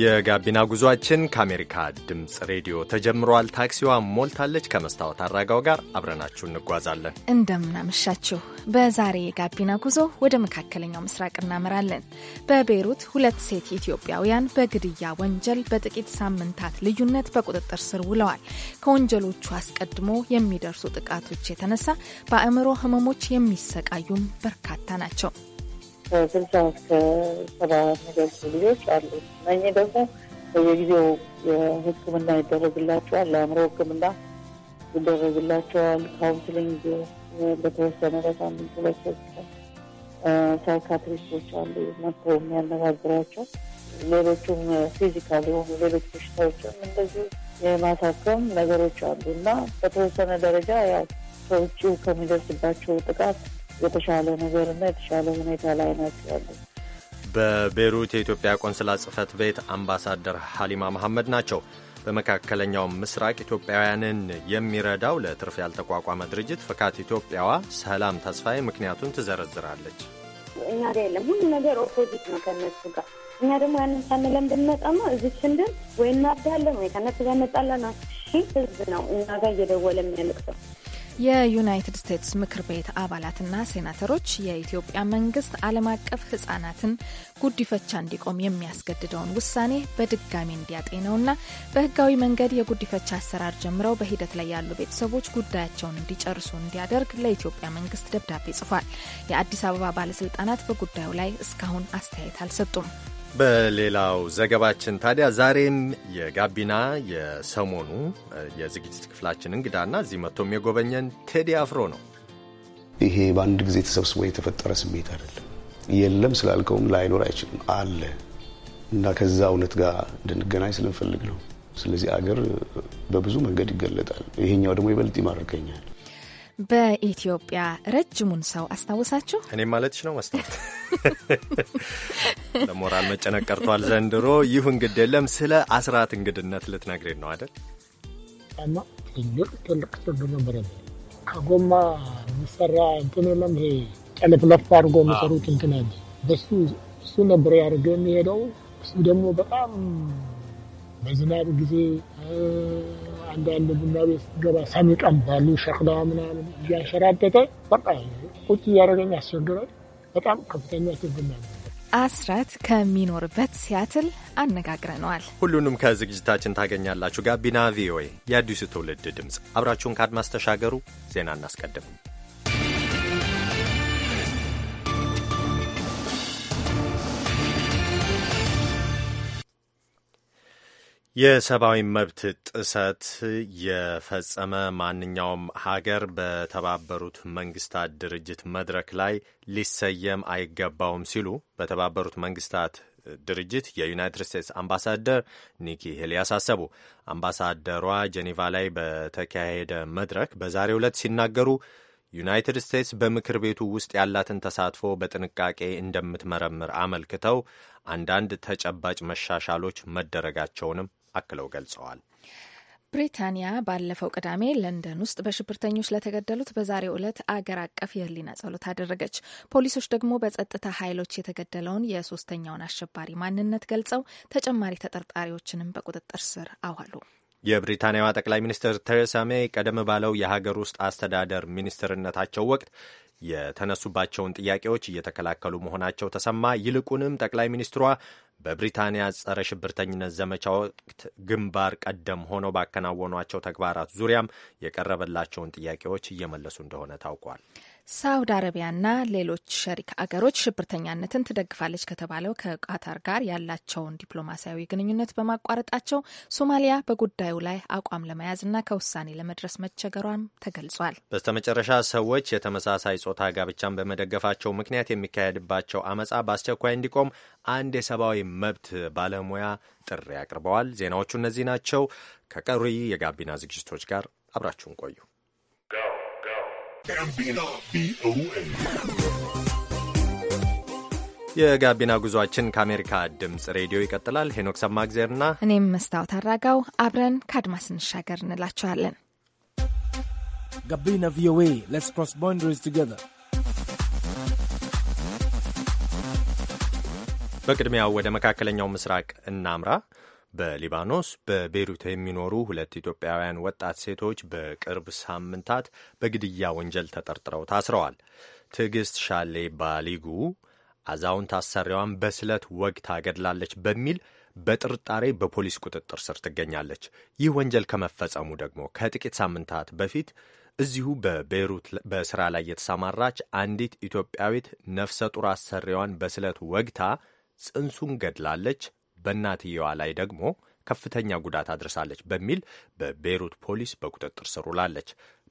የጋቢና ጉዟችን ከአሜሪካ ድምፅ ሬዲዮ ተጀምሯል። ታክሲዋ ሞልታለች። ከመስታወት አራጋው ጋር አብረናችሁ እንጓዛለን። እንደምናመሻችሁ። በዛሬ የጋቢና ጉዞ ወደ መካከለኛው ምስራቅ እናመራለን። በቤይሩት ሁለት ሴት ኢትዮጵያውያን በግድያ ወንጀል በጥቂት ሳምንታት ልዩነት በቁጥጥር ስር ውለዋል። ከወንጀሎቹ አስቀድሞ የሚደርሱ ጥቃቶች የተነሳ በአእምሮ ህመሞች የሚሰቃዩም በርካታ ናቸው። ከስልሳ እስከ ሰባ የሚደርሱ ልጆች አሉ። እነኚህ ደግሞ በየጊዜው ሕክምና ይደረግላቸዋል። ለአእምሮ ሕክምና ይደረግላቸዋል። ካውንስሊንግ በተወሰነ በሳምንት ሁለት ሶስት ሳይካትሪስቶች አሉ መጥቶ የሚያነጋግሯቸው። ሌሎቹም ፊዚካል የሆኑ ሌሎች በሽታዎችም እንደዚህ የማሳከም ነገሮች አሉ እና በተወሰነ ደረጃ ያው ከውጭው ከሚደርስባቸው ጥቃት የተሻለ ነገርና የተሻለ ሁኔታ ላይ ናቸው ያሉ። በቤሩት የኢትዮጵያ ቆንስላ ጽህፈት ቤት አምባሳደር ሀሊማ መሐመድ ናቸው። በመካከለኛው ምስራቅ ኢትዮጵያውያንን የሚረዳው ለትርፍ ያልተቋቋመ ድርጅት ፍካት ኢትዮጵያዋ ሰላም ተስፋዬ ምክንያቱን ትዘረዝራለች። እኛ ጋ የለም ሁሉ ነገር ኦፖዚት ነው ከነሱ ጋር እኛ ደግሞ ያንን ሳንለን ብንመጣማ እዚህ ስንድን ወይ እናብዳለን ወይ ከነሱ ጋር መጣላና ሺህ ህዝብ ነው እኛ ጋር እየደወለ የሚያልቅ ሰው የዩናይትድ ስቴትስ ምክር ቤት አባላትና ሴናተሮች የኢትዮጵያ መንግስት ዓለም አቀፍ ህጻናትን ጉዲፈቻ እንዲቆም የሚያስገድደውን ውሳኔ በድጋሚ እንዲያጤነውና በህጋዊ መንገድ የጉዲፈቻ አሰራር ጀምረው በሂደት ላይ ያሉ ቤተሰቦች ጉዳያቸውን እንዲጨርሱ እንዲያደርግ ለኢትዮጵያ መንግስት ደብዳቤ ጽፏል። የአዲስ አበባ ባለስልጣናት በጉዳዩ ላይ እስካሁን አስተያየት አልሰጡም። በሌላው ዘገባችን ታዲያ ዛሬም የጋቢና የሰሞኑ የዝግጅት ክፍላችን እንግዳና እዚህ መጥቶም የጎበኘን ቴዲ አፍሮ ነው። ይሄ በአንድ ጊዜ ተሰብስቦ የተፈጠረ ስሜት አይደለም። የለም ስላልከውም ላይኖር አይችልም አለ እና ከዛ እውነት ጋር እንድንገናኝ ስለምፈልግ ነው። ስለዚህ አገር በብዙ መንገድ ይገለጣል። ይሄኛው ደግሞ ይበልጥ ይማርከኛል። በኢትዮጵያ ረጅሙን ሰው አስታውሳችሁ። እኔ ማለትሽ ነው መስታወት ለሞራል መጨነቅ ቀርቷል ዘንድሮ። ይሁን ግድ የለም ስለ አስራት እንግድነት ልትነግሬን ነው አይደል? እና ትልቅ ትልቅ ትብ ነበር። ከጎማ የሚሰራ እንትን የለም ይሄ ጨለፍለፍ አድርጎ የሚሰሩት እንትን ያለ በሱ እሱ ነበር ያደርገ የሚሄደው እሱ ደግሞ በጣም በዝናብ ጊዜ አንዳንድ ቡና ቤት ስትገባ ሳም ባሉ ሸክላ ምናምን እያንሸራተተ በቃ ቁጭ እያደረገኝ አስቸግራል። በጣም ከፍተኛ ችግር ነው። አስራት ከሚኖርበት ሲያትል አነጋግረነዋል። ሁሉንም ከዝግጅታችን ታገኛላችሁ። ጋቢና ቪኦኤ የአዲሱ ትውልድ ድምፅ፣ አብራችሁን ከአድማስ ተሻገሩ። ዜና እናስቀድምም። የሰብአዊ መብት ጥሰት የፈጸመ ማንኛውም ሀገር በተባበሩት መንግስታት ድርጅት መድረክ ላይ ሊሰየም አይገባውም ሲሉ በተባበሩት መንግስታት ድርጅት የዩናይትድ ስቴትስ አምባሳደር ኒኪ ሄሊ አሳሰቡ። አምባሳደሯ ጄኔቫ ላይ በተካሄደ መድረክ በዛሬው ዕለት ሲናገሩ ዩናይትድ ስቴትስ በምክር ቤቱ ውስጥ ያላትን ተሳትፎ በጥንቃቄ እንደምትመረምር አመልክተው አንዳንድ ተጨባጭ መሻሻሎች መደረጋቸውንም አክለው ገልጸዋል። ብሪታንያ ባለፈው ቅዳሜ ለንደን ውስጥ በሽብርተኞች ለተገደሉት በዛሬው ዕለት አገር አቀፍ የህሊና ጸሎት አደረገች። ፖሊሶች ደግሞ በጸጥታ ኃይሎች የተገደለውን የሶስተኛውን አሸባሪ ማንነት ገልጸው ተጨማሪ ተጠርጣሪዎችንም በቁጥጥር ስር አዋሉ። የብሪታንያዋ ጠቅላይ ሚኒስትር ቴሬሳ ሜይ ቀደም ባለው የሀገር ውስጥ አስተዳደር ሚኒስትርነታቸው ወቅት የተነሱባቸውን ጥያቄዎች እየተከላከሉ መሆናቸው ተሰማ። ይልቁንም ጠቅላይ ሚኒስትሯ በብሪታንያ ጸረ ሽብርተኝነት ዘመቻ ወቅት ግንባር ቀደም ሆነው ባከናወኗቸው ተግባራት ዙሪያም የቀረበላቸውን ጥያቄዎች እየመለሱ እንደሆነ ታውቋል። ሳውዲ አረቢያና ሌሎች ሸሪክ አገሮች ሽብርተኛነትን ትደግፋለች ከተባለው ከቃታር ጋር ያላቸውን ዲፕሎማሲያዊ ግንኙነት በማቋረጣቸው ሶማሊያ በጉዳዩ ላይ አቋም ለመያዝና ከውሳኔ ለመድረስ መቸገሯም ተገልጿል። በስተመጨረሻ ሰዎች የተመሳሳይ ጾታ ጋብቻን በመደገፋቸው ምክንያት የሚካሄድባቸው አመጻ በአስቸኳይ እንዲቆም አንድ የሰብአዊ መብት ባለሙያ ጥሪ አቅርበዋል። ዜናዎቹ እነዚህ ናቸው። ከቀሪ የጋቢና ዝግጅቶች ጋር አብራችሁን ቆዩ። ጋቢና ቪኦኤ የጋቢና ጉዟችን ከአሜሪካ ድምፅ ሬዲዮ ይቀጥላል። ሄኖክ ሰማእግዜርና እኔም መስታወት አራጋው አብረን ከአድማስ እንሻገር እንላችኋለን። ጋቢና ቪኦኤ ሌትስ ክሮስ ቦንደሪስ ቱጌዘር። በቅድሚያው ወደ መካከለኛው ምስራቅ እናምራ። በሊባኖስ በቤይሩት የሚኖሩ ሁለት ኢትዮጵያውያን ወጣት ሴቶች በቅርብ ሳምንታት በግድያ ወንጀል ተጠርጥረው ታስረዋል። ትዕግስት ሻሌ ባሊጉ አዛውንት አሰሪዋን በስለት ወግታ ገድላለች በሚል በጥርጣሬ በፖሊስ ቁጥጥር ስር ትገኛለች። ይህ ወንጀል ከመፈጸሙ ደግሞ ከጥቂት ሳምንታት በፊት እዚሁ በቤይሩት በስራ ላይ የተሰማራች አንዲት ኢትዮጵያዊት ነፍሰ ጡር አሰሪዋን በስለት ወግታ ጽንሱን ገድላለች፣ በእናትየዋ ላይ ደግሞ ከፍተኛ ጉዳት አድርሳለች በሚል በቤይሩት ፖሊስ በቁጥጥር ስር ውላለች።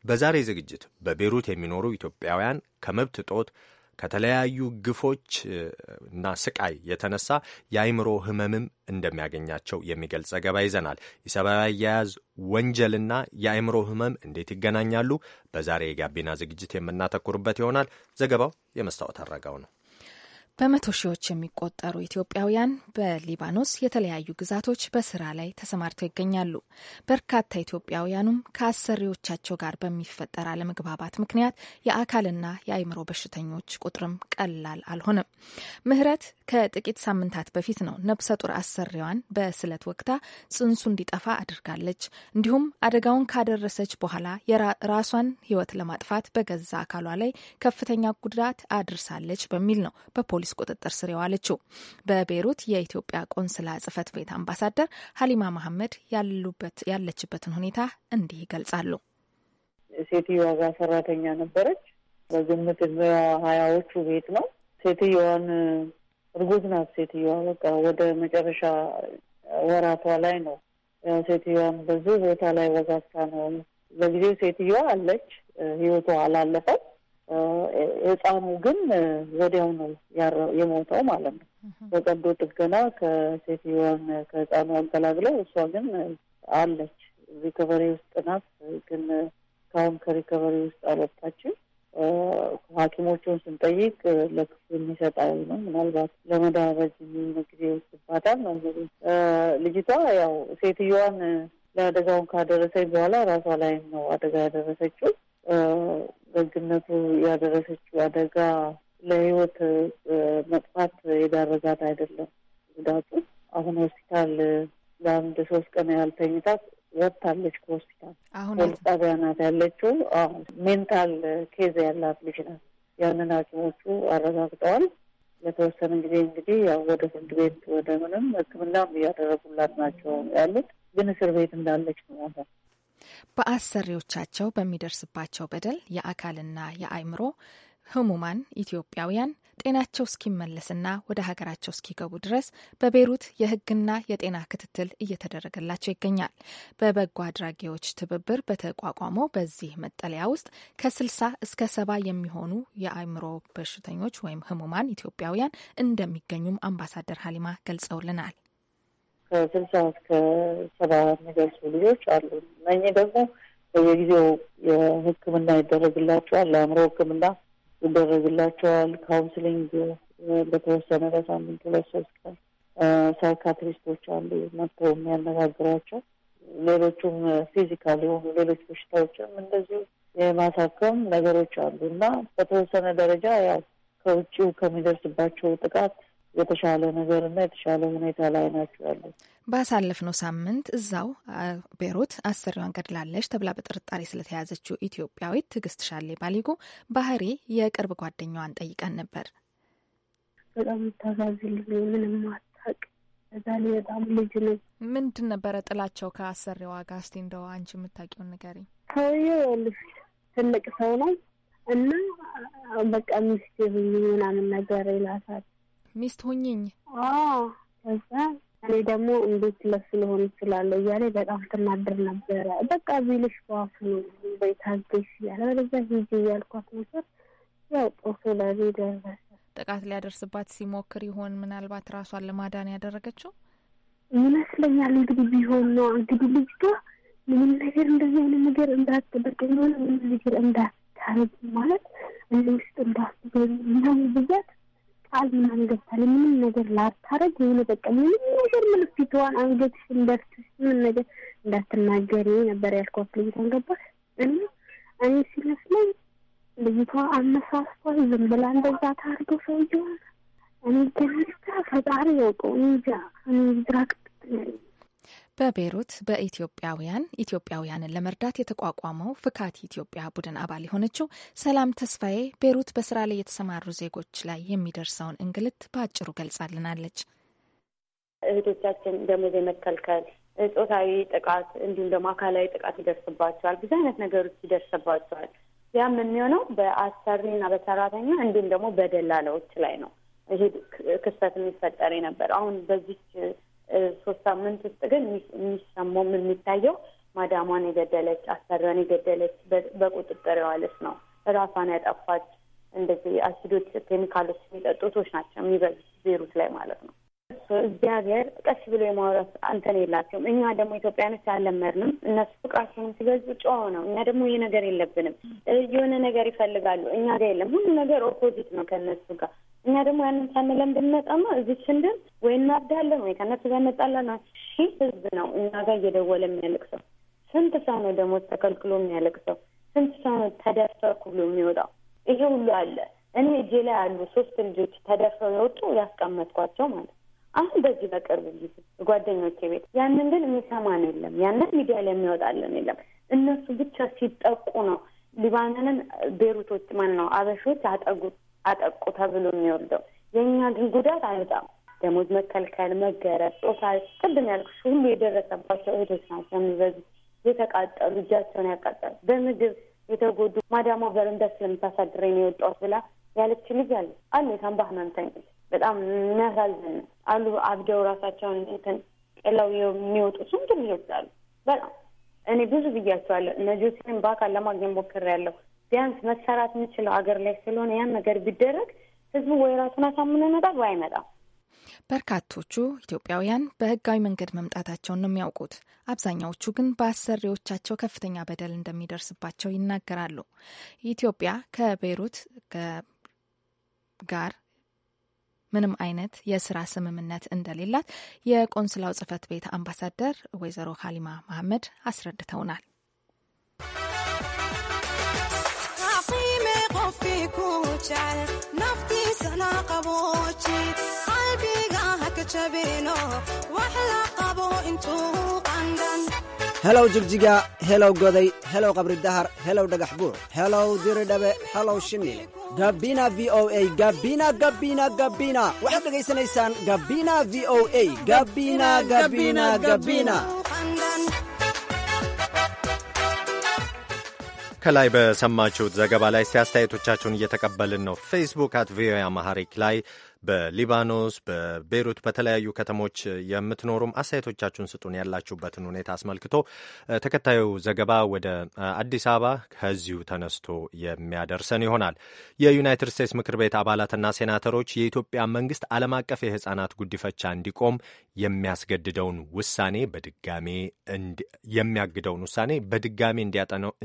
በዛሬ ዝግጅት በቤይሩት የሚኖሩ ኢትዮጵያውያን ከመብት ጦት ከተለያዩ ግፎች እና ስቃይ የተነሳ የአእምሮ ህመምም እንደሚያገኛቸው የሚገልጽ ዘገባ ይዘናል። የሰብአዊ አያያዝ ወንጀልና የአእምሮ ህመም እንዴት ይገናኛሉ? በዛሬ የጋቢና ዝግጅት የምናተኩርበት ይሆናል። ዘገባው የመስታወት አረጋው ነው። በመቶ ሺዎች የሚቆጠሩ ኢትዮጵያውያን በሊባኖስ የተለያዩ ግዛቶች በስራ ላይ ተሰማርተው ይገኛሉ። በርካታ ኢትዮጵያውያኑም ከአሰሪዎቻቸው ጋር በሚፈጠር አለመግባባት ምክንያት የአካልና የአእምሮ በሽተኞች ቁጥርም ቀላል አልሆነም። ምህረት ከጥቂት ሳምንታት በፊት ነው ነብሰ ጡር አሰሪዋን በስለት ወቅታ ጽንሱ እንዲጠፋ አድርጋለች። እንዲሁም አደጋውን ካደረሰች በኋላ የራሷን ሕይወት ለማጥፋት በገዛ አካሏ ላይ ከፍተኛ ጉዳት አድርሳለች በሚል ነው በፖ በፖሊስ ቁጥጥር ስር የዋለችው። በቤይሩት የኢትዮጵያ ቆንስላ ጽህፈት ቤት አምባሳደር ሀሊማ መሐመድ ያለችበትን ሁኔታ እንዲህ ይገልጻሉ። ሴትዮዋ ጋር ሰራተኛ ነበረች። በግምት ሀያዎቹ ቤት ነው። ሴትዮዋን እርጉዝ ናት። ሴትዮዋ በቃ ወደ መጨረሻ ወራቷ ላይ ነው። ያው ሴትዮዋን ብዙ ቦታ ላይ ወዛታ ነው። በጊዜው ሴትዮዋ አለች፣ ህይወቷ አላለፈም። ህፃኑ ግን ወዲያው ነው የሞተው ማለት ነው። በቀዶ ጥገና ከሴትዮዋን ከህፃኑ አንገላግለው እሷ ግን አለች ሪከቨሪ ውስጥ ናት። ግን ካሁን ከሪከቨሪ ውስጥ አልወጣችም። ሐኪሞቹን ስንጠይቅ ለክፉ የሚሰጥ አይሆንም። ምናልባት ለመዳበጅ ጊዜ ይባታል ነው እንግዲህ ልጅቷ ያው ሴትዮዋን ለአደጋውን ካደረሰች በኋላ ራሷ ላይ ነው አደጋ ያደረሰችው። ደግነቱ ያደረሰችው አደጋ ለህይወት መጥፋት የዳረጋት አይደለም። ጉዳቱ አሁን ሆስፒታል ለአንድ ሶስት ቀን ያህል ተኝታት ወጥታለች ከሆስፒታል። አሁን ጣቢያ ናት ያለችው። ሜንታል ኬዝ ያላት ልጅ ናት። ያንን ሐኪሞቹ አረጋግጠዋል። ለተወሰነ ጊዜ እንግዲህ ያው ወደ ፍርድ ቤት ወደ ምንም ሕክምናም እያደረጉላት ናቸው ያሉት፣ ግን እስር ቤት እንዳለች ነው በአሰሪዎቻቸው በሚደርስባቸው በደል የአካልና የአእምሮ ህሙማን ኢትዮጵያውያን ጤናቸው እስኪመለስና ወደ ሀገራቸው እስኪገቡ ድረስ በቤሩት የህግና የጤና ክትትል እየተደረገላቸው ይገኛል። በበጎ አድራጊዎች ትብብር በተቋቋመው በዚህ መጠለያ ውስጥ ከ60 እስከ ሰባ የሚሆኑ የአእምሮ በሽተኞች ወይም ህሙማን ኢትዮጵያውያን እንደሚገኙም አምባሳደር ሀሊማ ገልጸውልናል። ከስልሳ እስከ ሰባ የሚደርሱ ልጆች አሉ። እነኚህ ደግሞ በየጊዜው የሕክምና ይደረግላቸዋል። ለአእምሮ ሕክምና ይደረግላቸዋል። ካውንስሊንግ በተወሰነ በሳምንት ሁለት ሶስት ቀን ሳይካትሪስቶች አሉ መጥተው የሚያነጋግሯቸው። ሌሎቹም ፊዚካል የሆኑ ሌሎች በሽታዎችም እንደዚሁ የማሳከም ነገሮች አሉ እና በተወሰነ ደረጃ ያው ከውጭው ከሚደርስባቸው ጥቃት የተሻለ ነገር እና የተሻለ ሁኔታ ላይ ናቸው ያሉት። ባሳለፍነው ሳምንት እዛው ቤሩት አሰሪዋን ገድላለች ተብላ በጥርጣሬ ስለተያዘችው ኢትዮጵያዊት ትዕግስት ሻሌ ባሊጉ ባህሪ የቅርብ ጓደኛዋን ጠይቀን ነበር። በጣም ታዛዝልኝ፣ ምንም አታውቅ። በዛ ላይ በጣም ልጅ ነው። ምንድን ነበረ ጥላቸው ከአሰሪዋ ጋር? እስቲ እንደው አንቺ የምታውቂውን ንገሪኝ። ሰውዬው ትልቅ ሰው ነው እና በቃ ሚስቴ ብዬ ምናምን ነገር ይላታል ሚስት ሁኝኝ። ከዛ እኔ ደግሞ እንዴት ለሱ ሊሆን ይችላለሁ እያለ በጣም ትናድር ነበረ። በቃ ቢልሽ በአፉ ወይ ታገሽ እያለ ወደዛ ሂጂ እያልኳት ነበር። ያው ጦሶ ለዚ ደረሰ። ጥቃት ሊያደርስባት ሲሞክር ይሆን ምናልባት ራሷን ለማዳን ያደረገችው ይመስለኛል። እንግዲህ ቢሆን ነው እንግዲህ ልጅቷ ምንም ነገር እንደዚህ አይነት ነገር እንዳትበቅ ሆነ ምንም ነገር እንዳታረግ ማለት እኔ ውስጥ እንዳስገኝ ምናምን ብዛት አዝና አንገታል ምንም ነገር ላታረግ የሆነ በቃ ምንም ነገር ምልክትዋን አንገት እንደርትሽ ምን ነገር እንዳትናገሪ ነበር ያልኳት። ልጅቷን ገባ እና እኔ ሲመስለኝ ልጅቷ አመሳስቷ ዝም ብላ እንደዛ ታርገው ሰውየሆነ እኔ ገንታ ፈጣሪ ያውቀው እንጃ እኔ ዝራቅ በቤይሩት በኢትዮጵያውያን ኢትዮጵያውያንን ለመርዳት የተቋቋመው ፍካት ኢትዮጵያ ቡድን አባል የሆነችው ሰላም ተስፋዬ ቤይሩት በስራ ላይ የተሰማሩ ዜጎች ላይ የሚደርሰውን እንግልት በአጭሩ ገልጻልናለች። እህቶቻችን ደሞዝ የመከልከል ጾታዊ ጥቃት እንዲሁም ደግሞ አካላዊ ጥቃት ይደርስባቸዋል። ብዙ አይነት ነገሮች ይደርስባቸዋል። ያም የሚሆነው በአሰሪና በሰራተኛ እንዲሁም ደግሞ በደላላዎች ላይ ነው። ይሄ ክስተት የሚፈጠር የነበረው አሁን በዚች ሶስት ሳምንት ውስጥ ግን የሚሰማው የሚታየው ማዳሟን የገደለች አሰሪዋን የገደለች በቁጥጥር የዋለች ነው። ራሷን ያጠፋች እንደዚህ አሲዶች፣ ኬሚካሎች የሚጠጡ ሰዎች ናቸው የሚበዙት ቤሩት ላይ ማለት ነው። እግዚአብሔር ቀስ ብሎ የማውራት አንተን የላቸውም። እኛ ደግሞ ኢትዮጵያኖች አልለመድንም። እነሱ ፍቃቸውን ሲገልጹ ጨዋ ነው። እኛ ደግሞ ይህ ነገር የለብንም። የሆነ ነገር ይፈልጋሉ፣ እኛ ጋር የለም። ሁሉ ነገር ኦፖዚት ነው ከእነሱ ጋር እኛ ደግሞ ያንን ሳንለን ብንመጣማ እዚህ ስንድን ወይ እናብዳለን ወይ ከእነሱ ጋር እንጣላለን። ሺህ ህዝብ ነው እኛ ጋር እየደወለ የሚያልቅ ሰው ስንት ሰው ነው ደግሞ ተከልክሎ የሚያልቅ ሰው ስንት ሰው ነው ተደፈርኩ ብሎ የሚወጣው? ይሄ ሁሉ አለ። እኔ እጄ ላይ ያሉ ሶስት ልጆች ተደፍረው የወጡ ያስቀመጥኳቸው ማለት አሁን በዚህ በቅርብ ጊዜ ጓደኞቼ ቤት ያንን ግን የሚሰማን የለም። ያንን ሚዲያ ላይ የሚወጣለን የለም። እነሱ ብቻ ሲጠቁ ነው ሊባኖንን ቤሩቶች ማን ነው አበሾች አጠጉት አጠቁ ተብሎ የሚወርደው የእኛ ግን ጉዳት አይወጣም። ደሞዝ መከልከል፣ መገረብ፣ ጾታ ቅድም ያልኩሽ ሁሉ የደረሰባቸው እህቶች ናቸው የሚበዙ የተቃጠሉ እጃቸውን ያቃጠሉ በምግብ የተጎዱ ማዳሞ በረንዳ ስለምታሳድረኝ ነው የወጣሁት ብላ ያለች ልጅ አለ አሉ የሳምባ ህመምተኞች በጣም የሚያሳዝን አሉ አብደው ራሳቸውን እንትን ጥለው የሚወጡ ስንት ልጆች አሉ። በጣም እኔ ብዙ ብያቸዋለሁ። እነ ጆሲንም በአካል ለማግኘት ሞክሬያለሁ። ቢያንስ መሰራት የምችለው አገር ላይ ስለሆነ ያን ነገር ቢደረግ ህዝቡ ወይ ራሱን አሳምኖ ይመጣል ወይ አይመጣም። በርካቶቹ ኢትዮጵያውያን በህጋዊ መንገድ መምጣታቸውን ነው የሚያውቁት። አብዛኛዎቹ ግን በአሰሪዎቻቸው ከፍተኛ በደል እንደሚደርስባቸው ይናገራሉ። ኢትዮጵያ ከቤይሩት ጋር ምንም አይነት የስራ ስምምነት እንደሌላት የቆንስላው ጽህፈት ቤት አምባሳደር ወይዘሮ ሀሊማ መሐመድ አስረድተውናል። في kuucal naftiisa la qabooji qalbiga ha ka jabino wax la qabo intuu qandhan helow jigjiga helow goday helow qabri dahar helow dhagax buuc helow diridhabe helow shimil gabina v o a gabina gabina gabina waxaad dhegaysanaysaan gabina v o a gabina gabina gabina ከላይ በሰማችሁት ዘገባ ላይ ሲያስተያየቶቻችሁን እየተቀበልን ነው። ፌስቡክ አት ቪኦኤ አማሐሪክ ላይ በሊባኖስ፣ በቤይሩት፣ በተለያዩ ከተሞች የምትኖሩም አስተያየቶቻችሁን ስጡን ያላችሁበትን ሁኔታ አስመልክቶ። ተከታዩ ዘገባ ወደ አዲስ አበባ ከዚሁ ተነስቶ የሚያደርሰን ይሆናል። የዩናይትድ ስቴትስ ምክር ቤት አባላትና ሴናተሮች የኢትዮጵያ መንግስት ዓለም አቀፍ የህጻናት ጉዲፈቻ እንዲቆም የሚያስገድደውን ውሳኔ በድጋሜ የሚያግደውን ውሳኔ በድጋሜ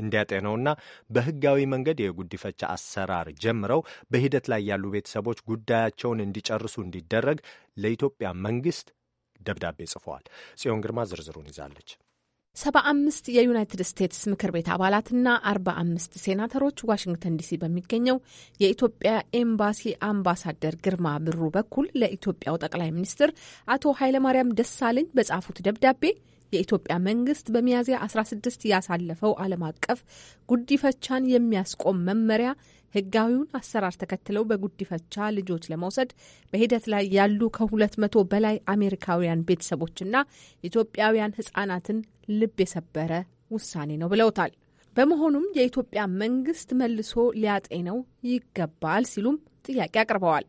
እንዲያጤነውና በህጋዊ መንገድ የጉዲፈቻ አሰራር ጀምረው በሂደት ላይ ያሉ ቤተሰቦች ጉዳያቸውን እንዲጨርሱ እንዲደረግ ለኢትዮጵያ መንግስት ደብዳቤ ጽፈዋል። ጽዮን ግርማ ዝርዝሩን ይዛለች። ሰባ አምስት የዩናይትድ ስቴትስ ምክር ቤት አባላትና አርባ አምስት ሴናተሮች ዋሽንግተን ዲሲ በሚገኘው የኢትዮጵያ ኤምባሲ አምባሳደር ግርማ ብሩ በኩል ለኢትዮጵያው ጠቅላይ ሚኒስትር አቶ ኃይለማርያም ደሳለኝ በጻፉት ደብዳቤ የኢትዮጵያ መንግስት በሚያዝያ 16 ያሳለፈው ዓለም አቀፍ ጉዲፈቻን የሚያስቆም መመሪያ ህጋዊውን አሰራር ተከትለው በጉዲፈቻ ልጆች ለመውሰድ በሂደት ላይ ያሉ ከሁለት መቶ በላይ አሜሪካውያን ቤተሰቦችና ኢትዮጵያውያን ህጻናትን ልብ የሰበረ ውሳኔ ነው ብለውታል። በመሆኑም የኢትዮጵያ መንግስት መልሶ ሊያጤነው ይገባል ሲሉም ጥያቄ አቅርበዋል።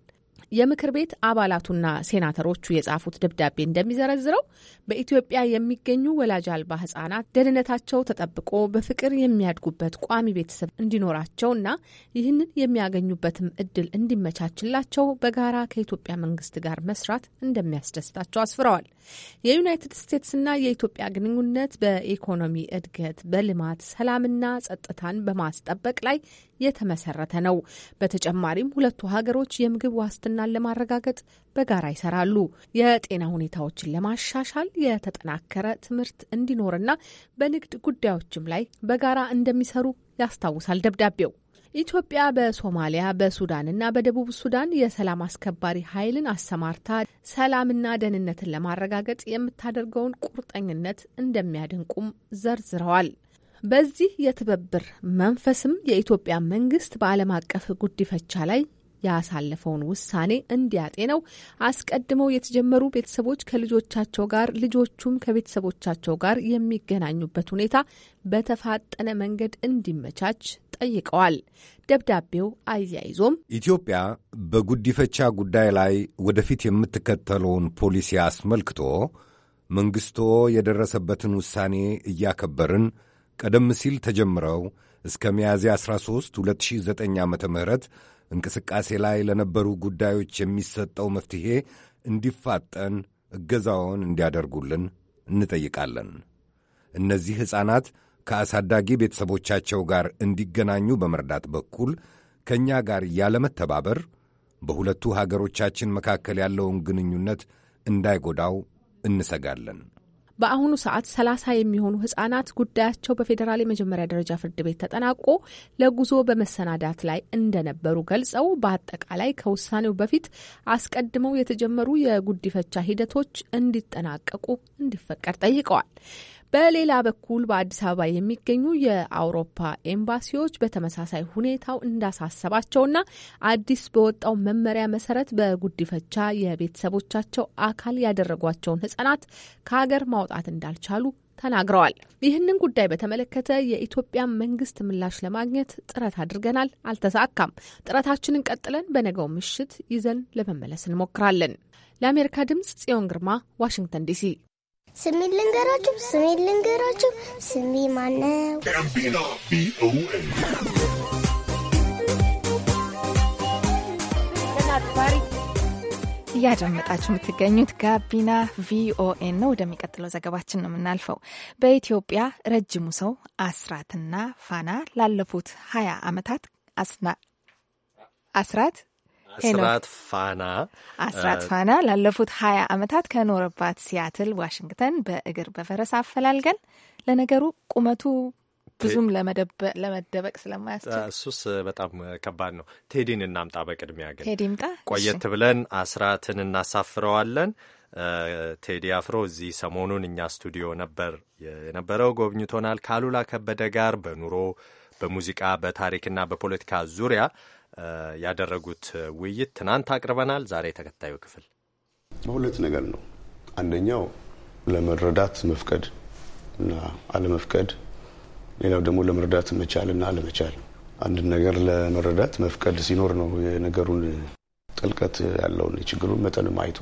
የምክር ቤት አባላቱና ሴናተሮቹ የጻፉት ደብዳቤ እንደሚዘረዝረው በኢትዮጵያ የሚገኙ ወላጅ አልባ ህጻናት ደህንነታቸው ተጠብቆ በፍቅር የሚያድጉበት ቋሚ ቤተሰብ እንዲኖራቸውና ይህንን የሚያገኙበትም እድል እንዲመቻችላቸው በጋራ ከኢትዮጵያ መንግስት ጋር መስራት እንደሚያስደስታቸው አስፍረዋል። የዩናይትድ ስቴትስና የኢትዮጵያ ግንኙነት በኢኮኖሚ እድገት፣ በልማት ሰላምና ጸጥታን በማስጠበቅ ላይ የተመሰረተ ነው። በተጨማሪም ሁለቱ ሀገሮች የምግብ ዋስትና ዋስትናን ለማረጋገጥ በጋራ ይሰራሉ። የጤና ሁኔታዎችን ለማሻሻል የተጠናከረ ትምህርት እንዲኖርና በንግድ ጉዳዮችም ላይ በጋራ እንደሚሰሩ ያስታውሳል ደብዳቤው። ኢትዮጵያ በሶማሊያ በሱዳንና በደቡብ ሱዳን የሰላም አስከባሪ ኃይልን አሰማርታ ሰላምና ደህንነትን ለማረጋገጥ የምታደርገውን ቁርጠኝነት እንደሚያደንቁም ዘርዝረዋል። በዚህ የትብብር መንፈስም የኢትዮጵያ መንግስት በዓለም አቀፍ ጉዲፈቻ ላይ ያሳለፈውን ውሳኔ እንዲያጤነው አስቀድመው የተጀመሩ ቤተሰቦች ከልጆቻቸው ጋር ልጆቹም ከቤተሰቦቻቸው ጋር የሚገናኙበት ሁኔታ በተፋጠነ መንገድ እንዲመቻች ጠይቀዋል። ደብዳቤው አያይዞም ኢትዮጵያ በጉዲፈቻ ጉዳይ ላይ ወደፊት የምትከተለውን ፖሊሲ አስመልክቶ መንግሥቶ የደረሰበትን ውሳኔ እያከበርን ቀደም ሲል ተጀምረው እስከ ሚያዝያ 13 2009 ም እንቅስቃሴ ላይ ለነበሩ ጉዳዮች የሚሰጠው መፍትሄ እንዲፋጠን እገዛውን እንዲያደርጉልን እንጠይቃለን። እነዚህ ሕፃናት ከአሳዳጊ ቤተሰቦቻቸው ጋር እንዲገናኙ በመርዳት በኩል ከእኛ ጋር ያለመተባበር በሁለቱ ሀገሮቻችን መካከል ያለውን ግንኙነት እንዳይጎዳው እንሰጋለን። በአሁኑ ሰዓት ሰላሳ የሚሆኑ ህጻናት ጉዳያቸው በፌዴራል የመጀመሪያ ደረጃ ፍርድ ቤት ተጠናቆ ለጉዞ በመሰናዳት ላይ እንደነበሩ ገልጸው በአጠቃላይ ከውሳኔው በፊት አስቀድመው የተጀመሩ የጉዲፈቻ ሂደቶች እንዲጠናቀቁ እንዲፈቀድ ጠይቀዋል። በሌላ በኩል በአዲስ አበባ የሚገኙ የአውሮፓ ኤምባሲዎች በተመሳሳይ ሁኔታው እንዳሳሰባቸውና አዲስ በወጣው መመሪያ መሰረት በጉዲፈቻ የቤተሰቦቻቸው አካል ያደረጓቸውን ህጻናት ከሀገር ማውጣት እንዳልቻሉ ተናግረዋል። ይህንን ጉዳይ በተመለከተ የኢትዮጵያ መንግስት ምላሽ ለማግኘት ጥረት አድርገናል፣ አልተሳካም። ጥረታችንን ቀጥለን በነገው ምሽት ይዘን ለመመለስ እንሞክራለን። ለአሜሪካ ድምጽ ጽዮን ግርማ ዋሽንግተን ዲሲ ስሜን ልንገራችሁ፣ ስሜ ልንገራችሁ፣ ስሜ ማነው? ጋቢና ቪኦኤ እያዳመጣችሁ የምትገኙት ጋቢና ቪኦኤ ነው። ወደሚቀጥለው ዘገባችን ነው የምናልፈው። በኢትዮጵያ ረጅሙ ሰው አስራትና ፋና ላለፉት ሀያ አመታት አስራት አስራት ፋና አስራት ፋና ላለፉት ሀያ ዓመታት ከኖረባት ሲያትል ዋሽንግተን በእግር በፈረስ አፈላልገን ለነገሩ ቁመቱ ብዙም ለመደበቅ ስለማያስችል እሱስ በጣም ከባድ ነው። ቴዲን እናምጣ። በቅድሚያ ግን ቴዲ ምጣ። ቆየት ብለን አስራትን እናሳፍረዋለን። ቴዲ አፍሮ እዚህ ሰሞኑን እኛ ስቱዲዮ ነበር የነበረው፣ ጎብኝቶናል። ካሉላ ከበደ ጋር በኑሮ በሙዚቃ በታሪክና በፖለቲካ ዙሪያ ያደረጉት ውይይት ትናንት አቅርበናል። ዛሬ ተከታዩ ክፍል በሁለት ነገር ነው። አንደኛው ለመረዳት መፍቀድ እና አለመፍቀድ፣ ሌላው ደግሞ ለመረዳት መቻል እና አለመቻል። አንድ ነገር ለመረዳት መፍቀድ ሲኖር ነው የነገሩን ጥልቀት ያለውን የችግሩን መጠንም አይቶ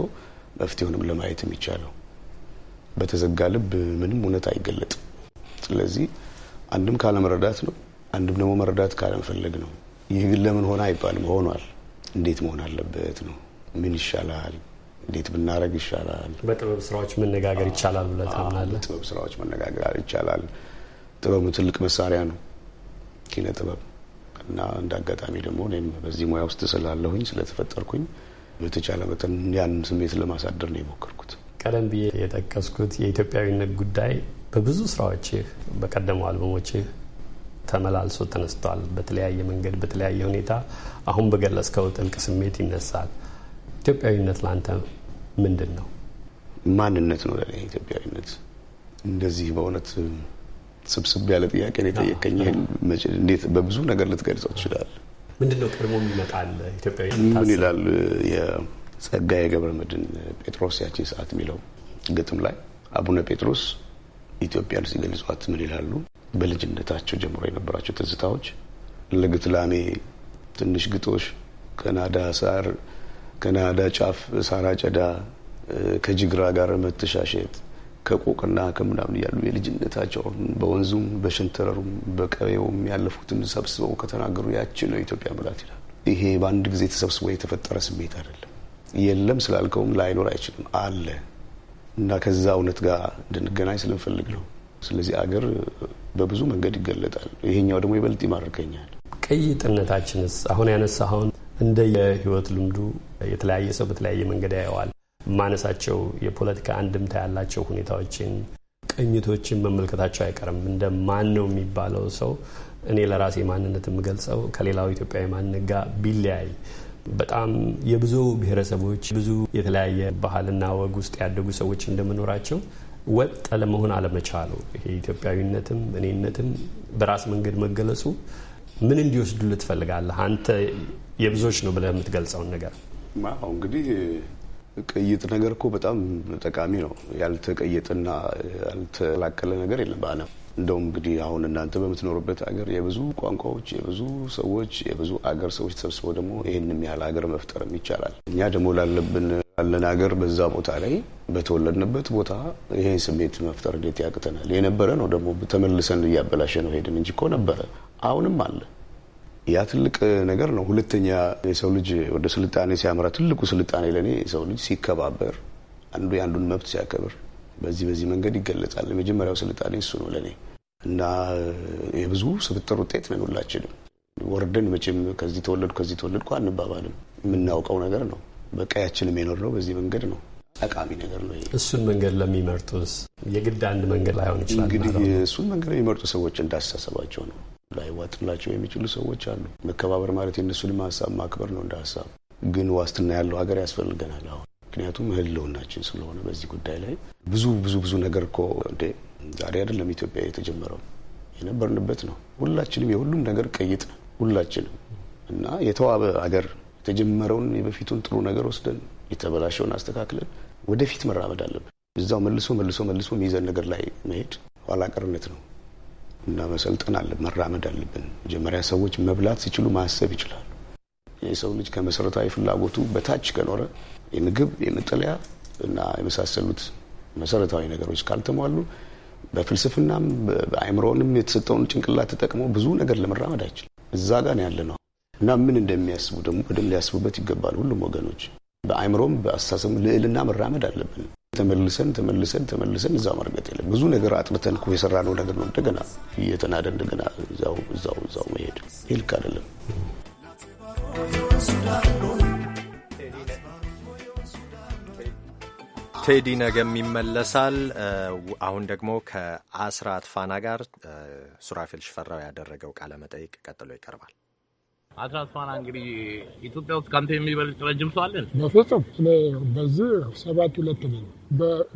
መፍትሄውንም ለማየት የሚቻለው። በተዘጋ ልብ ምንም እውነት አይገለጥም። ስለዚህ አንድም ካለመረዳት ነው፣ አንድም ደግሞ መረዳት ካለመፈለግ ነው። ይህ ግን ለምን ሆነ አይባልም። ሆኗል። እንዴት መሆን አለበት ነው። ምን ይሻላል፣ እንዴት ብናደረግ ይሻላል፣ በጥበብ ስራዎች መነጋገር ይቻላል ብለህ ታምናለህ? በጥበብ ስራዎች መነጋገር ይቻላል። ጥበቡ ትልቅ መሳሪያ ነው፣ ኪነ ጥበብ እና እንደ አጋጣሚ ደግሞ እኔም በዚህ ሙያ ውስጥ ስላለሁኝ ስለተፈጠርኩኝ በተቻለ መጠን ያን ስሜት ለማሳደር ነው የሞከርኩት። ቀደም ብዬ የጠቀስኩት የኢትዮጵያዊነት ጉዳይ በብዙ ስራዎችህ፣ በቀደሙ አልበሞችህ ተመላልሶ ተነስቷል። በተለያየ መንገድ በተለያየ ሁኔታ አሁን በገለጽከው ጥልቅ ስሜት ይነሳል። ኢትዮጵያዊነት ለአንተ ምንድን ነው? ማንነት ነው ለእኔ ኢትዮጵያዊነት። እንደዚህ በእውነት ስብስብ ያለ ጥያቄ የጠየቀኝ እንዴት በብዙ ነገር ልትገልጸው ትችላል? ምንድን ነው ቀድሞ የሚመጣል ኢትዮጵያዊ ምን ይላል የጸጋዬ ገብረ መድኅን ጴጥሮስ ያቺ ሰዓት የሚለው ግጥም ላይ አቡነ ጴጥሮስ ኢትዮጵያን ሲገልጿት ምን ይላሉ? በልጅነታቸው ጀምሮ የነበራቸው ትዝታዎች ለግትላሜ ትንሽ ግጦሽ፣ ከናዳ ሳር ከናዳ ጫፍ ሳር አጨዳ፣ ከጅግራ ጋር መተሻሸት፣ ከቆቅና ከምናምን ያሉ የልጅነታቸውን በወንዙም በሸንተረሩም በቀቤውም ያለፉትን ሰብስበው ከተናገሩ ያችን ነው ኢትዮጵያ ምላት ይላል። ይሄ በአንድ ጊዜ ተሰብስቦ የተፈጠረ ስሜት አይደለም። የለም ስላልከውም ላይኖር አይችልም አለ እና ከዛ እውነት ጋር እንድንገናኝ ስለምፈልግ ነው። ስለዚህ አገር በብዙ መንገድ ይገለጣል። ይሄኛው ደግሞ ይበልጥ ይማርከኛል። ቅይጥነታችንስ አሁን ያነሳኸውን እንደ የህይወት ልምዱ የተለያየ ሰው በተለያየ መንገድ ያየዋል። ማነሳቸው የፖለቲካ አንድምታ ያላቸው ሁኔታዎችን፣ ቅኝቶችን መመልከታቸው አይቀርም። እንደ ማን ነው የሚባለው ሰው እኔ ለራሴ ማንነት የምገልጸው ከሌላው ኢትዮጵያዊ ማንነት ጋር ቢለያይ በጣም የብዙ ብሔረሰቦች ብዙ የተለያየ ባህልና ወግ ውስጥ ያደጉ ሰዎች እንደመኖራቸው ወጥ ለመሆን አለመቻሉ ይሄ ኢትዮጵያዊነትም እኔነትም በራስ መንገድ መገለጹ ምን እንዲወስዱ ትፈልጋለህ አንተ የብዙዎች ነው ብለህ የምትገልጸውን ነገር እንግዲህ ቅይጥ ነገር እኮ በጣም ጠቃሚ ነው። ያልተቀየጠና ያልተላከለ ነገር የለም በዓለም። እንደውም እንግዲህ አሁን እናንተ በምትኖሩበት ሀገር የብዙ ቋንቋዎች፣ የብዙ ሰዎች፣ የብዙ አገር ሰዎች ተሰብስበው ደግሞ ይህን ያህል ሀገር መፍጠርም ይቻላል። እኛ ደግሞ ላለብን ያለን ሀገር በዛ ቦታ ላይ በተወለድንበት ቦታ ይህን ስሜት መፍጠር እንዴት ያቅተናል? የነበረ ነው ደግሞ ተመልሰን እያበላሸ ነው ሄድን እንጂ እኮ ነበረ፣ አሁንም አለ። ያ ትልቅ ነገር ነው። ሁለተኛ የሰው ልጅ ወደ ስልጣኔ ሲያምራ ትልቁ ስልጣኔ ለእኔ የሰው ልጅ ሲከባበር፣ አንዱ የአንዱን መብት ሲያከብር በዚህ በዚህ መንገድ ይገለጻል። የመጀመሪያው ስልጣኔ እሱ ነው ለእኔ እና የብዙ ስብጥር ውጤት ነን ሁላችንም። ወርደን መቼም ከዚህ ተወለዱ ከዚህ ተወለድኩ አንባባልም። የምናውቀው ነገር ነው። በቀያችንም የኖር በዚህ መንገድ ነው። ጠቃሚ ነገር ነው። እሱን መንገድ ለሚመርጡስ የግድ አንድ መንገድ ላይሆን ይችላል። እንግዲህ እሱን መንገድ የሚመርጡ ሰዎች እንዳስተሳሰባቸው ነው። ላይዋጥላቸው የሚችሉ ሰዎች አሉ። መከባበር ማለት የእነሱንም ሀሳብ ማክበር ነው እንደ ሀሳብ። ግን ዋስትና ያለው ሀገር ያስፈልገናል አሁን ምክንያቱም ህልውናችን ስለሆነ በዚህ ጉዳይ ላይ ብዙ ብዙ ብዙ ነገር እኮ እንዴ ዛሬ አይደለም ኢትዮጵያ የተጀመረው የነበርንበት ነው። ሁላችንም የሁሉም ነገር ቀይጥ ሁላችንም እና የተዋበ ሀገር የተጀመረውን የበፊቱን ጥሩ ነገር ወስደን የተበላሸውን አስተካክለን ወደፊት መራመድ አለብን። እዛው መልሶ መልሶ መልሶ የሚይዘን ነገር ላይ መሄድ ኋላ ቀርነት ነው። እና መሰልጠን አለ መራመድ አለብን። መጀመሪያ ሰዎች መብላት ሲችሉ ማሰብ ይችላሉ። የሰው ልጅ ከመሰረታዊ ፍላጎቱ በታች ከኖረ የምግብ የመጠለያ እና የመሳሰሉት መሰረታዊ ነገሮች ካልተሟሉ በፍልስፍናም በአእምሮንም የተሰጠውን ጭንቅላት ተጠቅሞ ብዙ ነገር ለመራመድ አይችልም። እዛ ጋር ያለ ነው እና ምን እንደሚያስቡ ደግሞ በደንብ ሊያስቡበት ይገባል ሁሉም ወገኖች። በአእምሮም በአስተሳሰብ ልዕልና መራመድ አለብን። ተመልሰን ተመልሰን ተመልሰን እዛ መርገጥ የለም። ብዙ ነገር አጥርተን እኮ የሰራነው ነገር ነው። እንደገና እየተናደ እንደገና እዛው እዛው እዛው መሄድ ይህ አይደለም። ቴዲ ነገም ይመለሳል። አሁን ደግሞ ከአስራት ፋና ጋር ሱራፌል ሽፈራው ያደረገው ቃለ መጠይቅ ቀጥሎ ይቀርባል። አትራስፋና እንግዲህ ኢትዮጵያ ውስጥ ከአንተ የሚበልጥ ረጅም ሰው አለን? በፍጹም በዚህ ሰባት ሁለት ነኝ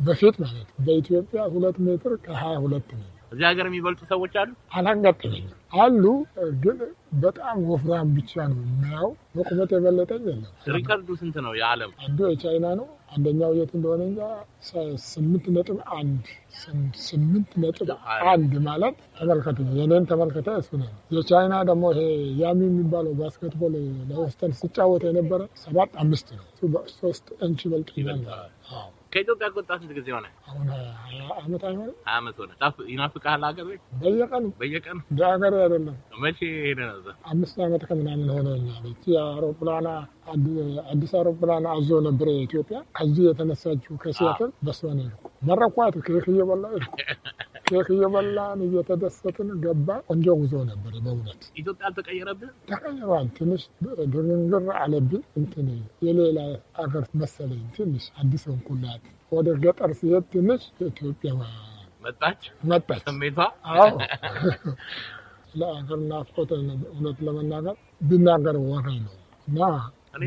በፊት ማለት በኢትዮጵያ ሁለት ሜትር ከሀያ ሁለት ነኝ። እዚህ ሀገር የሚበልጡ ሰዎች አሉ አላንጋጥለኝ አሉ፣ ግን በጣም ወፍራም ብቻ ነው የምናየው። በቁመት የበለጠኝ የለም። ሪከርዱ ስንት ነው? የዓለም አንዱ የቻይና ነው አንደኛው የት እንደሆነ ስምንት ነጥብ አንድ ስምንት ነጥብ አንድ ማለት ተመልከተ፣ የኔን ተመልከተ እሱ ነው። የቻይና ደግሞ ይሄ ያሚ የሚባለው ባስኬትቦል ለወስተን ሲጫወት የነበረ ሰባት አምስት ነው። ሶስት እንች ይበልጥ ይበልጣል። ከኢትዮጵያ ከወጣ ስንት ጊዜ ሆነ? አሁን አመት አይሆንም። አመት ሆነ። ይናፍቅሃል ሀገር ቤት? በየቀኑ በየቀኑ። ሀገር አይደለም። መቼ ሄደ ነው? አምስት አመት ከምናምን ሆነ። አውሮፕላና አዲስ አውሮፕላን አዞ ነበር ኢትዮጵያ። ከዚህ የተነሳችው ከሲያትል በሷ ነው። መረኳት ክክ እየበላ ኬክ እየበላን እየተደሰትን ገባ። ቆንጆ ጉዞ ነበር በእውነት። ኢትዮጵያ አልተቀየረብህ? ተቀይሯል። ትንሽ ግርግር አለብኝ። እንትን የሌላ አገር መሰለኝ። ትንሽ አዲስ እንኩላት ወደ ገጠር ሲሄድ ትንሽ ኢትዮጵያ መጣች መጣች ስሜቷ። አዎ ለአገር ናፍቆት እውነት ለመናገር ብናገር ወሬ ነው እና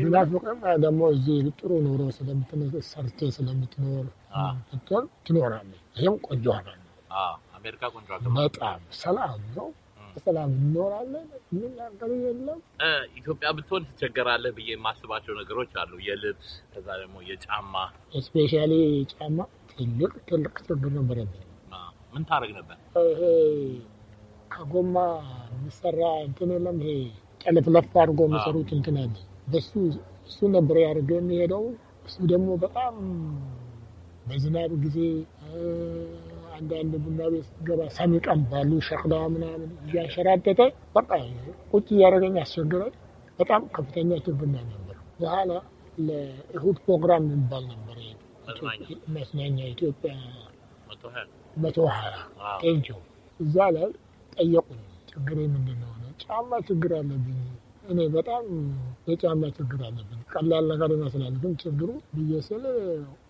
ብናፍቅም ደግሞ እዚህ ጥሩ ኑሮ ስለምትሰርቼ ስለምትኖር ትኖራለች። ይህም ቆንጆ ሆናል። አሜሪካ ቆንጆ በጣም ሰላም ነው። በሰላም እንኖራለን። ምን ነገር የለም። ኢትዮጵያ ብትሆን ትቸገራለህ ብዬ የማስባቸው ነገሮች አሉ። የልብስ ከዛ ደግሞ የጫማ ስፔሻሊ ጫማ ትልቅ ትልቅ ችግር ነበር። ምን ታደርግ ነበር? ከጎማ የሚሰራ እንትን የለም። ይሄ ጨለፍለፍ አድርጎ የሚሰሩት እንትን አለ። በሱ እሱ ነበር ያደርገ የሚሄደው እሱ ደግሞ በጣም በዝናብ ጊዜ አንዳንድ ቡና ቤት ገባ ሳሚ ባሉ ሸክላ ምናምን እያንሸራተተ በቃ ቁጭ እያደረገኝ አስቸግራል። በጣም ከፍተኛ ችግር ነበር። በኋላ ለእሁድ ፕሮግራም የሚባል ነበር መዝናኛ ኢትዮጵያ መቶ ሀያ ቴንቸው እዛ ላይ ጠየቁኝ። ችግሬ ምንድን ነው? ጫማ ችግር አለብኝ እኔ በጣም የጫና ችግር አለብን። ቀላል ነገር ይመስላል፣ ግን ችግሩ ብዬ ስል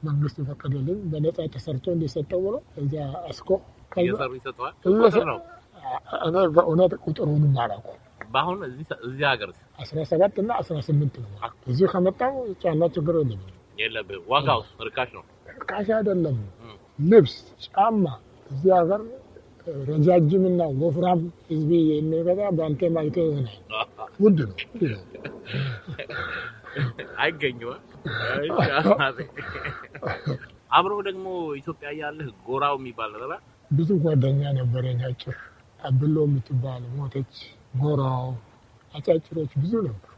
መንግስት የፈቀደልኝ በነጻ ተሰርቶ እንዲሰጠው ብሎ እዚያ አስኮ እኔ በእውነት ቁጥሩን አላውቀው። በአሁን እዚህ ሀገር አስራ ሰባት እና አስራ ስምንት ነው። እዚህ ከመጣው ጫና ችግር የለም የለም። ዋጋው ርካሽ ነው። ርካሽ አይደለም። ልብስ፣ ጫማ እዚህ ሀገር ረጃጅምና ወፍራም ህዝብ የሚበዛ በአንቴ ማይቶ ይሆናል ወንድ ነው አይገኘዋል። አብሮ ደግሞ ኢትዮጵያ ያለህ ጎራው የሚባል ብዙ ጓደኛ ነበረኝ። አጭር አብሎ የምትባል ሞተች። ጎራው አጫጭሮች ብዙ ነበሩ።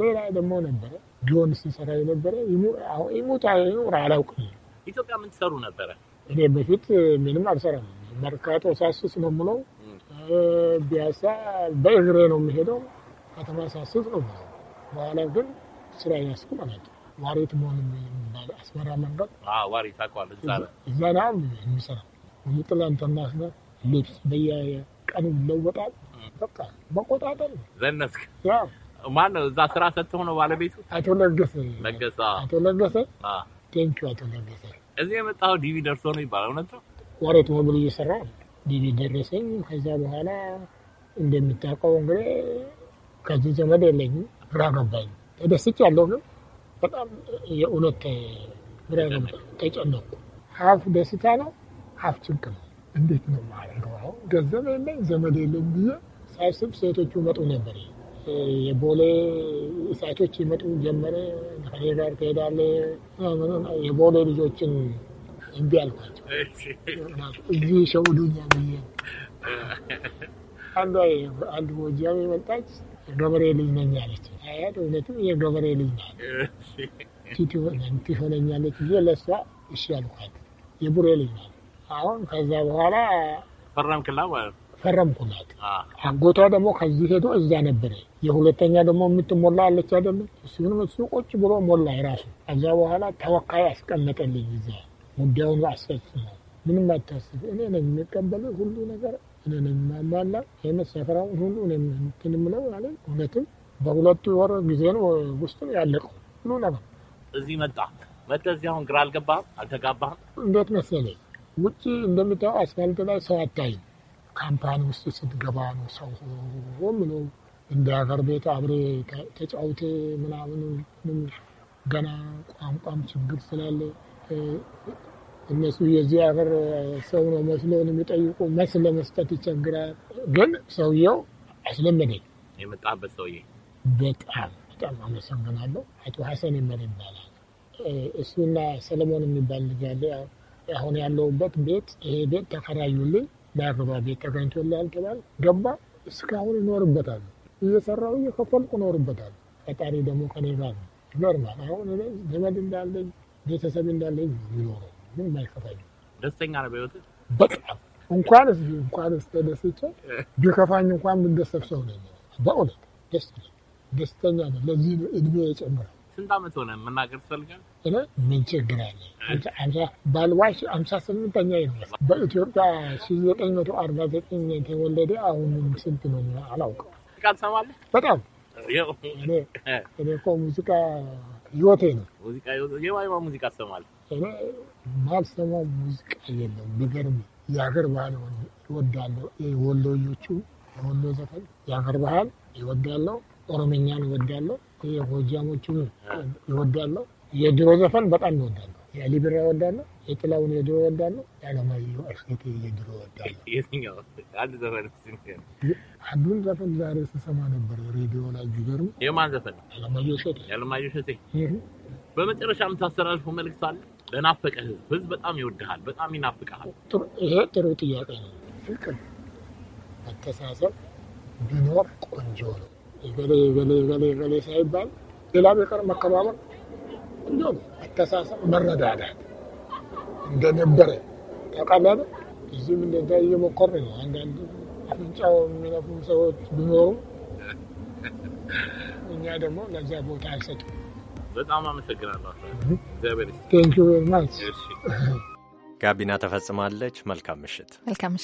ሌላ ደግሞ ነበረ ጊዮን ስንሰራ የነበረ ይሙት ይኑር አላውቅም። ኢትዮጵያ ምን ትሰሩ ነበረ? እኔ በፊት ምንም አልሰራም። መርካቶ ሳስስ ነው የምለው ቢያሳ በእግሬ ነው የሚሄደው። ከተማ ሳስብ ነበር። በኋላ ግን ስራ ያስኩ ማለት ዋሪት መሆን የሚባል አስመራ መንገድ ዋሪት አቋል እዛ ነው የሚሰራ ሙጥላንተና ልብስ በየቀኑ ይለወጣል። በቃ መቆጣጠር ዘነስክ ማን ነው እዛ ስራ ሰጥቶ ነው ባለቤቱ? አቶ ለገሰ ለገሰ አቶ ለገሰ ቴንኪ አቶ ለገሰ። እዚህ የመጣው ዲቪ ደርሶ ነው ይባላል። እውነት ነው። ዋሪት መሆን እየሰራው ነው ዲቪ ደረሰኝ። ከዛ በኋላ እንደምታውቀው እንግዲህ ከዚህ ዘመድ የለኝም። ግራ ገባኝ። ተደስች ያለው ነው በጣም የእውነት ግራ ገባኝ። ተጨነኩ። ሀፍ ደስታ ነው፣ ሀፍ ጭንቅ ነው። እንዴት ነው ማድረገው? አሁን ገንዘብ የለኝ ዘመድ የለኝ ብዬ ሳስብ ሴቶቹ መጡ ነበር የቦሌ እሳቶች ይመጡ ጀመረ። ከኔ ጋር ትሄዳለህ የቦሌ ልጆችን እምቢ አልኳቸው። እዚህ ይሸውዱኛል ብዬ አንዷ አንድ ጎጃም የመጣች ገበሬ ልጅ ነኝ አለች። አያት እውነትም የገበሬ ልጅ ናት ትሆነኛለች ብዬ ለእሷ እሺ አልኳት። የቡሬ ልጅ ናት። አሁን ከዛ በኋላ ፈረምክላ ማለት ፈረምኩላት። አጎቷ ደግሞ ከዚህ ሄዶ እዛ ነበረ። የሁለተኛ ደግሞ የምትሞላ አለች አይደለም። እሱንም እሱ ቁጭ ብሎ ሞላ የራሱ። ከዛ በኋላ ተወካይ አስቀመጠልኝ እዛ ጉዳዩን ባስፈጽማል። ምንም አታስብ፣ እኔ ነኝ የሚቀበለ ሁሉ ነገር እኔ ነኝ ማማና ይህን ሰፈራውን ሁሉ እኔ እንትን የምለው አለ። እውነትም በሁለቱ ወር ጊዜ ነው ውስጥ ያለቀው ሁሉ ነገር። እዚህ መጣ መጠ እዚህ አሁን ግራ አልገባም አልተጋባም። እንዴት መሰለኝ ውጭ እንደምታየው አስፋልት ላይ ሰው አታይም። ካምፓኒ ውስጥ ስትገባ ነው ሰው ሁሉ እንደ ሀገር ቤት አብሬ ተጫውቴ ምናምን ገና ቋንቋም ችግር ስላለ እነሱ የዚህ ሀገር ሰው ነው መስሎ የሚጠይቁ መልስ ለመስጠት ይቸግራል። ግን ሰውየው አስለመደኝ። የመጣበት ሰውዬ በጣም በጣም አመሰግናለሁ። አቶ ሀሰን ይመር ይባላል። እሱና ሰለሞን የሚባል ልጅ አለ። አሁን ያለውበት ቤት ይሄ ቤት ተከራዩልኝ። በአግባ ቤት ተገኝቶልሃል ተባል ገባ። እስካሁን እኖርበታለሁ። እየሰራው እየከፈልኩ እኖርበታለሁ። ፈጣሪ ደግሞ ከኔ ጋር ነው። ኖርማል አሁን ዘመድ እንዳለኝ ቤተሰብ እንዳለኝ የሚኖረው ምን ማይከፋኝ። ደስተኛ ነው በህይወት በቃ እንኳን እንኳን ስተደስቸ ቢከፋኝ እንኳን ምንደሰብ ሰው ነው። በእውነት ደስ ደስተኛ ነው። ለዚህ እድሜ የጨምረ ስንት ዓመት ሆነ? መናገር ትፈልጋል? ምን ችግር አለ? ባልዋሽ አምሳ ስምንተኛ ይመስል በኢትዮጵያ ሺ ዘጠኝ መቶ አርባ ዘጠኝ የተወለደ አሁን ስንት ነው አላውቅም። ቃል ትሰማለህ? በጣም እኔ እኮ ሙዚቃ ህይወቴ ነው። የማይማ ሙዚቃ ትሰማል? ማልሰማ ሙዚቃ የለም። ቢገርም የሀገር ባህል እወዳለሁ። ወሎዮቹ የወሎ ዘፈን የሀገር ባህል ይወዳለሁ። ኦሮምኛን እወዳለሁ። የጎጃሞቹ ይወዳለሁ። የድሮ ዘፈን በጣም ይወዳለሁ። የሊብራ ወዳለሁ የጥላውን የድሮ ወዳለሁ የአለማየሁ እሸቴ የድሮ ወዳለሁ። የትኛው አንድ ዘፈን አንዱን ዘፈን ዛሬ ስሰማ ነበር ሬዲዮ ላይ ቢገርም። የማን ዘፈን? የአለማየሁ እሸቴ። የአለማየሁ እሸቴ። በመጨረሻ የምታስተላልፈው መልዕክት አለ? ለናፈቀ ህዝብ፣ ህዝብ በጣም ይወድሃል፣ በጣም ይናፍቀሃል። ይሄ ጥሩ ጥያቄ ነው። ፍቅር፣ መተሳሰብ ቢኖር ቆንጆ ነው። ገሌ ገሌ ገሌ ሳይባል ሌላ ቢቀር መከባበር እንዲሁም አተሳሰብ መረዳዳት እንደነበረ ተቀረበ። እዚህም እንደዛ እየሞከር ነው። አንዳንድ አፍንጫው የሚነፉ ሰዎች ቢኖሩ እኛ ደግሞ ለዛ ቦታ አይሰጡም። በጣም አመሰግናለሁ። ጋቢና ተፈጽማለች። መልካም ምሽት።